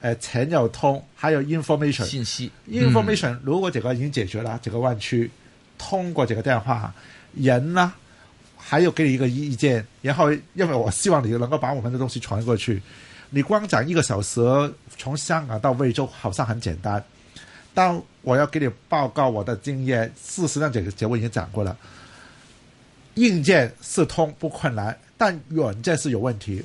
呃，錢又通，還有 information 信息，information、嗯、如果這個已經解決了，這個灣區通過這個電話，人呢，還有給你一個意見，然後因為我希望你能夠把我們的東西傳過去，你光講一個小時，從香港到惠州好像很簡單，但我要給你報告我的經驗，事實上這個節目已經講過了，硬件是通不困難，但軟件是有問題。